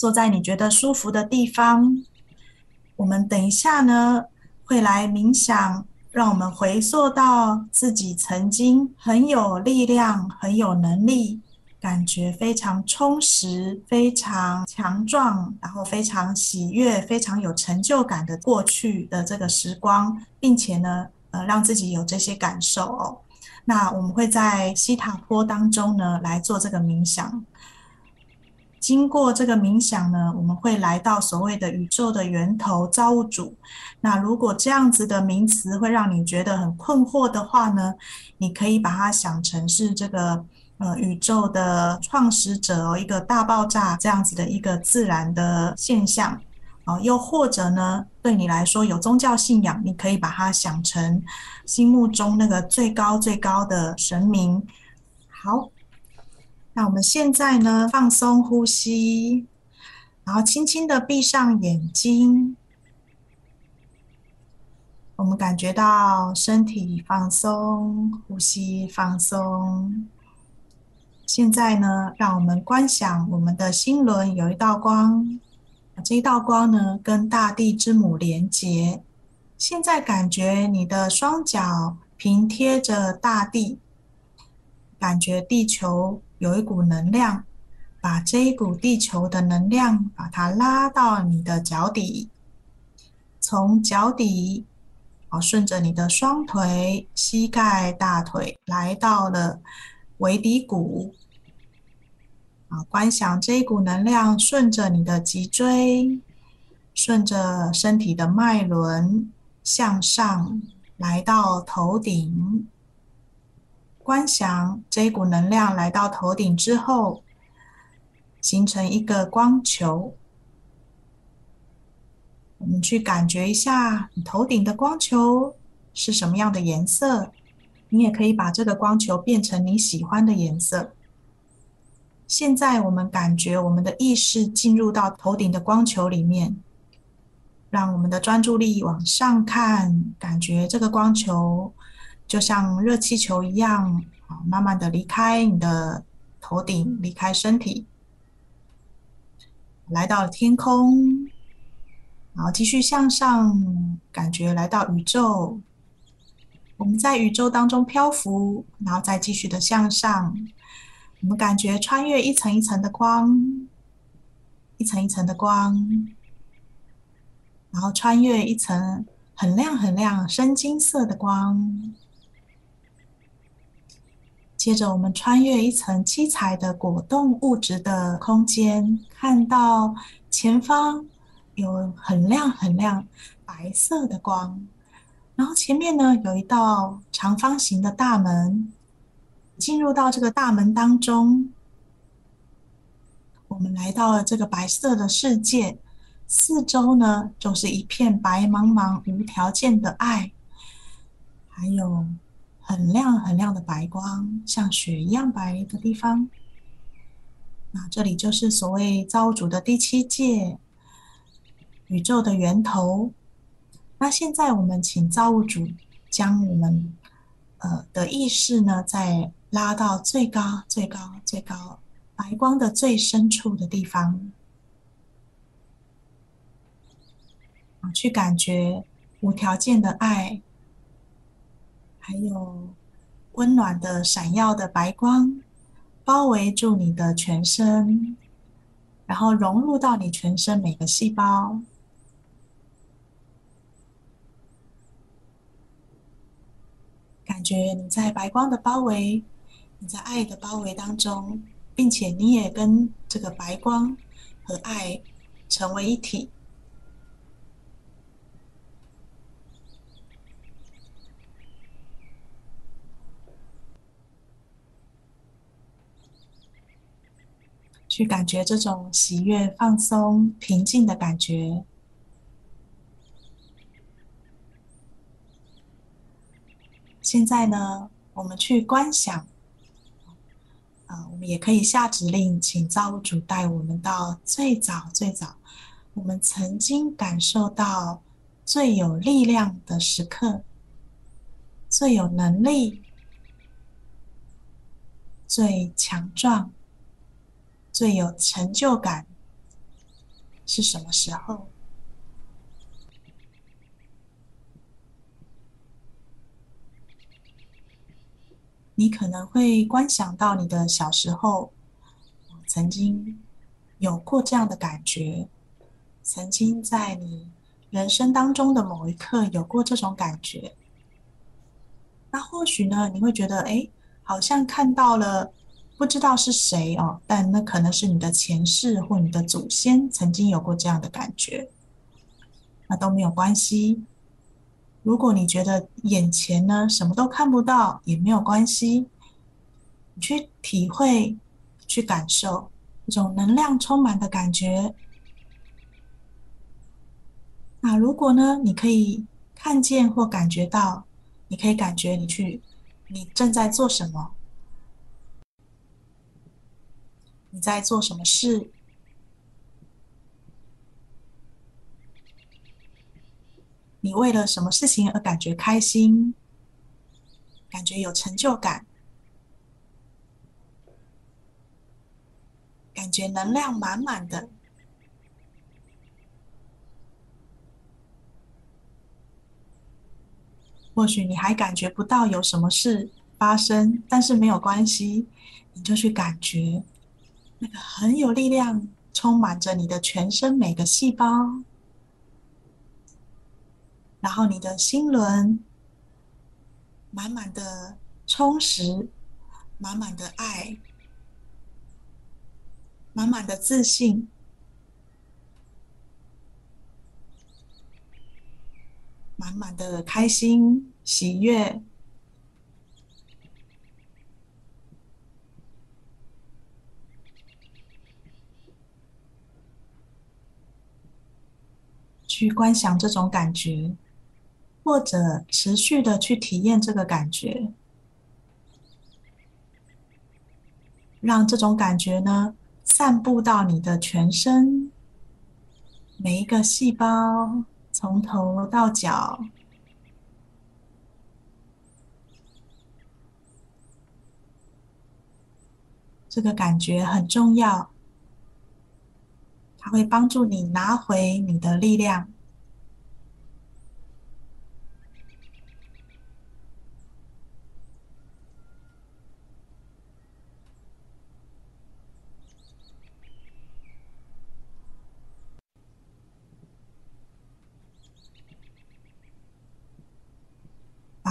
坐在你覺得舒服的地方，我們等一下呢會來冥想，讓我們回溯到自己曾經很有力量、很有能力，感覺非常充實、非常強壯，然後非常喜悅、非常有成就感的過去的這個時光，並且呢，呃，讓自己有這些感受哦。那我們會在希塔波當中呢來做這個冥想。經過這個冥想呢，我們會來到所謂的宇宙的源頭造物主。那如果這樣子的名詞會讓你覺得很困惑的話呢，你可以把它想成是這個呃宇宙的創始者哦，一個大爆炸這樣子的一個自然的現象哦，又或者呢，對你來說有宗教信仰，你可以把它想成心目中那個最高最高的神明。好。那我們現在呢，放鬆呼吸，然後輕輕的閉上眼睛。我們感覺到身體放鬆，呼吸放鬆。現在呢，讓我們觀想我們的心輪有一道光，這一道光呢，跟大地之母連接。現在感覺你的雙腳平貼着大地，感覺地球。有一股能量，把這一股地球的能量，把它拉到你的腳底，從腳底好，順着你的雙腿、膝蓋、大腿，來到了尾骶骨啊，觀想這一股能量順着你的脊椎，順着身體的脈輪，向上來到頭頂。觀想這一股能量來到頭頂之後，形成一個光球。我們去感覺一下，你頭頂的光球是什麼樣的顏色？你也可以把這個光球變成你喜歡的顏色。現在，我們感覺我們的意識進入到頭頂的光球裡面，讓我們的專注力往上看，感覺這個光球。就像熱氣球一樣，好，慢慢的離開你的頭頂，離開身體，來到了天空，然後繼續向上，感覺來到宇宙。我們在宇宙當中漂浮，然後再繼續的向上，我們感覺穿越一層一層的光，一層一層的光，然後穿越一層很亮很亮深金色的光。接着，我們穿越一層七彩的果凍物質的空間，看到前方有很亮很亮白色的光，然後前面呢，有一道長方形的大門，進入到這個大門當中，我們來到了這個白色的世界，四周呢，就是一片白茫茫、無條件的愛，還有。很亮很亮的白光，像雪一樣白的地方。那這裡就是所謂造物主的第七界，宇宙的源頭。那現在我們請造物主將我們呃的意識呢，再拉到最高最高最高白光的最深處的地方，去感覺無條件的愛。還有溫暖的、閃耀的白光，包圍住你的全身，然後融入到你全身每個細胞，感覺你在白光的包圍，你在愛的包圍當中，並且你也跟這個白光和愛成為一體。去感覺這種喜悅、放鬆、平靜的感覺。現在呢，我們去觀想，啊，我們也可以下指令，請造物主帶我們到最早最早，我們曾經感受到最有力量的時刻，最有能力，最強壯。最有成就感是什麼時候？你可能會觀想到你的小時候，曾經有過這樣的感覺，曾經在你人生當中的某一刻有過這種感覺。那或許呢，你會覺得，哎，好像看到了。不知道是誰哦，但那可能是你的前世或你的祖先曾經有過這樣的感覺，那都沒有關係。如果你覺得眼前呢，什麼都看不到，也沒有關係，你去體會、去感受一種能量充滿的感覺。那如果呢，你可以看見或感覺到，你可以感覺你去，你正在做什麼？你在做什麼事？你為了什麼事情而感覺開心？感覺有成就感？感覺能量滿滿的？或許你還感覺不到有什麼事發生，但是沒有關係，你就去感覺。那個很有力量，充滿着你的全身每個細胞，然後你的心輪滿滿的充實，滿滿的愛，滿滿的自信，滿滿的開心喜悅。觀想這種感覺，或者持續的去體驗這個感覺，讓這種感覺呢，散布到你的全身，每一個細胞，從頭到腳。這個感覺很重要，它會幫助你拿回你的力量。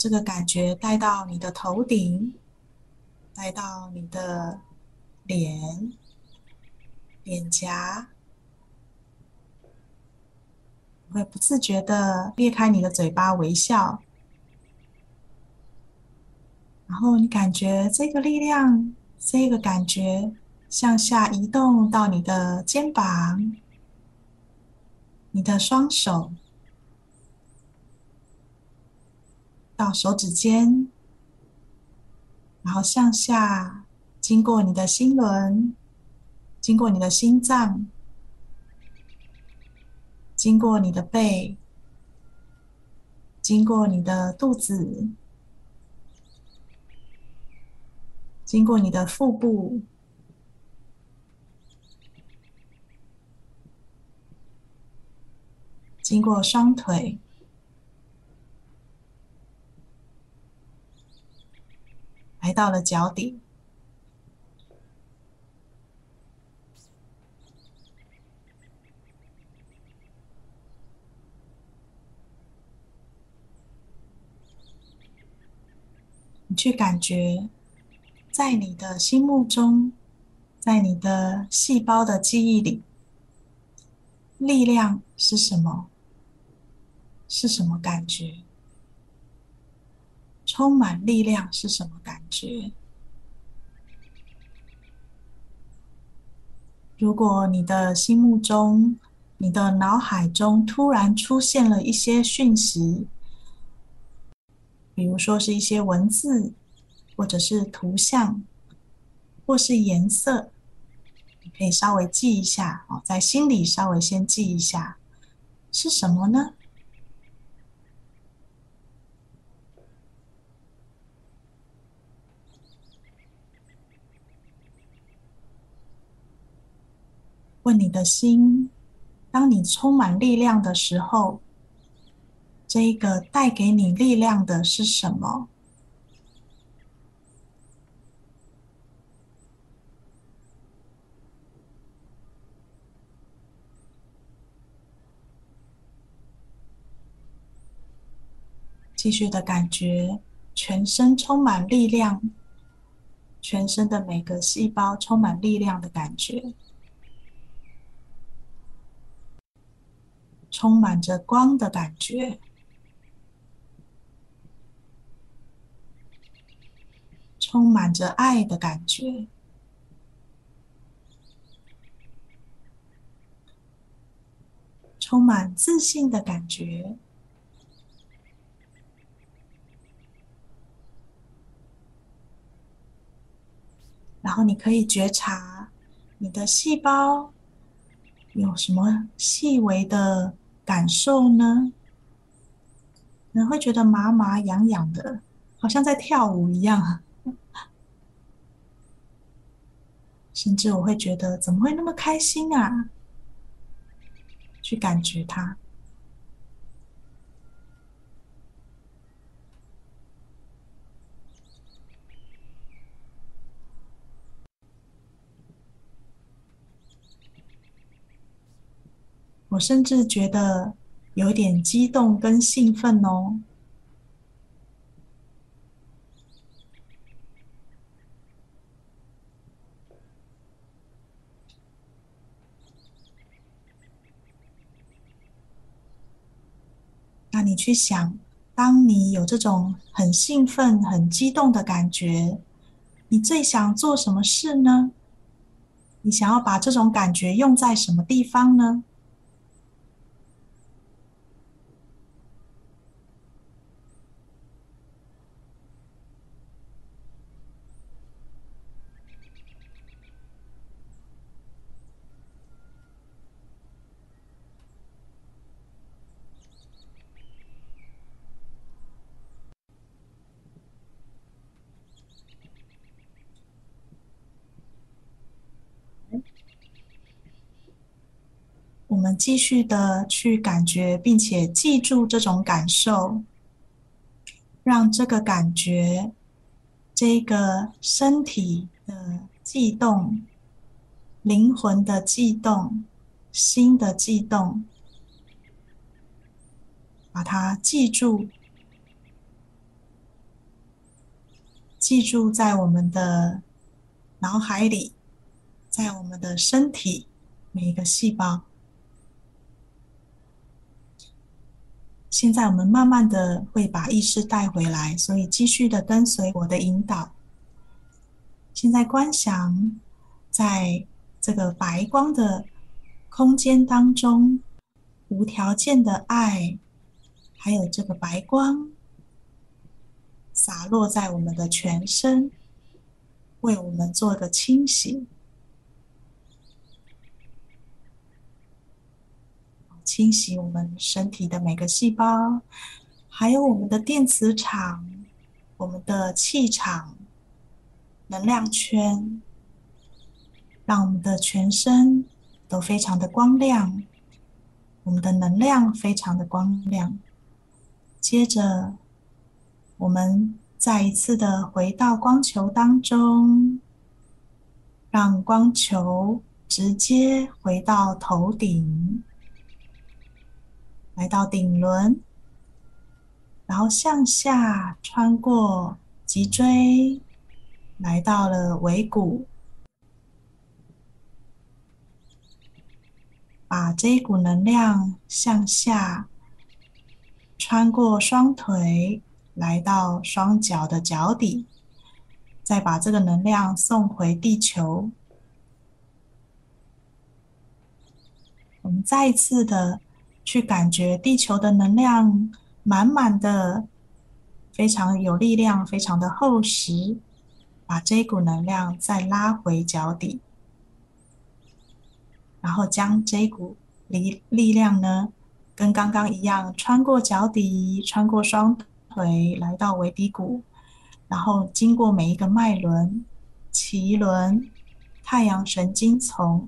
這個感覺帶到你的頭頂，帶到你的臉、臉頰，會不自覺的咧開你的嘴巴微笑。然後你感覺這個力量、這個感覺向下移動到你的肩膀、你的雙手。到手指尖，然後向下，經過你的心輪，經過你的心臟，經過你的背，經過你的肚子，經過你的腹部，經過雙腿。來到了腳底，你去感覺，在你的心目中，在你的細胞的記憶裡，力量是什麼？是什麼感覺？充滿力量，是什麼感覺？如果你的心目中，你的腦海中突然出現了一些訊息，比如說是一些文字，或者是圖像，或是顏色，你可以稍微記一下哦，在心裡稍微先記一下，是什麼呢？問你的心，當你充滿力量的時候，這一個帶給你力量的是什麼？繼續的感覺，全身充滿力量，全身的每個細胞充滿力量的感覺。充滿着光的感覺，充滿着愛的感覺，充滿自信的感覺。然後你可以覺察你的細胞有什麼細微的感受呢？你會覺得麻麻癢癢的，好像在跳舞一樣，甚至我會覺得怎麼會那麼開心啊？去感覺它。我甚至覺得有點激動跟興奮哦。那你去想，當你有這種很興奮、很激動的感覺，你最想做什麼事呢？你想要把這種感覺用在什麼地方呢？我們繼續的去感覺，並且記住這種感受，讓這個感覺、這個身體的悸動、靈魂的悸動、心的悸動，把它記住，記住在我們的腦海裡，在我們的身體每一個細胞。現在我們慢慢的會把意識帶回來，所以繼續的跟隨我的引導。現在觀想，在這個白光的空間當中，無條件的愛，還有這個白光灑落在我們的全身，為我們做個清洗。清洗我們身體的每個細胞，還有我們的電磁場、我們的氣場、能量圈，讓我們的全身都非常的光亮，我們的能量非常的光亮。接着，我們再一次的回到光球當中，讓光球直接回到頭頂。來到頂輪，然後向下穿過脊椎，來到了尾骨，把這一股能量向下穿過雙腿，來到雙腳的腳底，再把這個能量送回地球。我們再一次的。去感覺地球的能量滿滿的，非常有力量，非常的厚實。把這股能量再拉回腳底，然後將這股力力量呢，跟剛剛一樣，穿過腳底，穿過雙腿，來到尾骶骨，然後經過每一個脈輪、臍輪、太陽神經叢、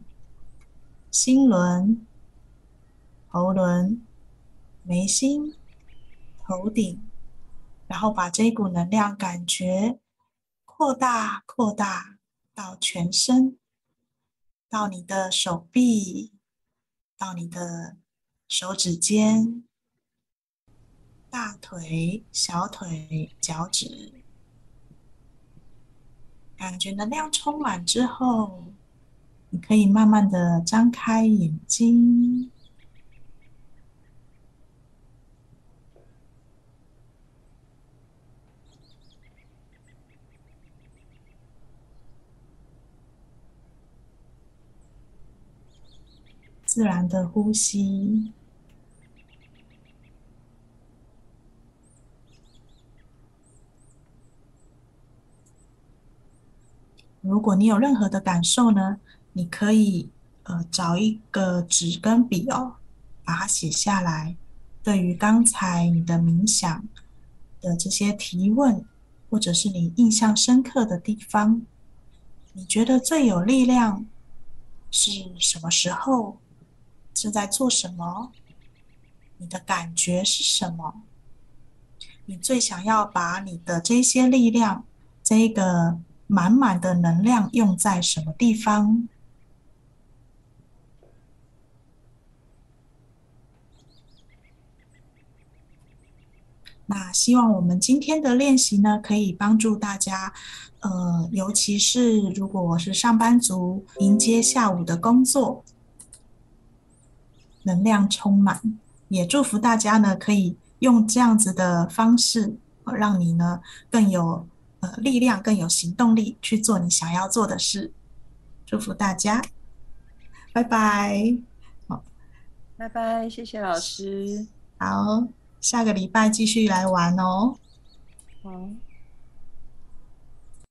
心輪。頭輪、眉心、頭頂，然後把這股能量感覺擴大、擴大到全身，到你的手臂，到你的手指尖，大腿、小腿、腳趾，感覺能量充滿之後，你可以慢慢的張開眼睛。自然的呼吸。如果你有任何的感受呢，你可以呃找一個紙跟筆哦，把它寫下來。對於剛才你的冥想的這些提問，或者是你印象深刻的地方，你覺得最有力量是什麼時候？正在做什麼？你的感覺是什麼？你最想要把你的這些力量，這個滿滿的能量用在什麼地方？那希望我們今天的練習呢，可以幫助大家，呃，尤其是如果我是上班族，迎接下午的工作。能量充滿，也祝福大家呢，可以用這樣子的方式，讓你呢更有，呃，力量，更有行動力去做你想要做的事。祝福大家，拜拜。好，拜拜，謝謝老師。好，下個禮拜繼續來玩哦。好。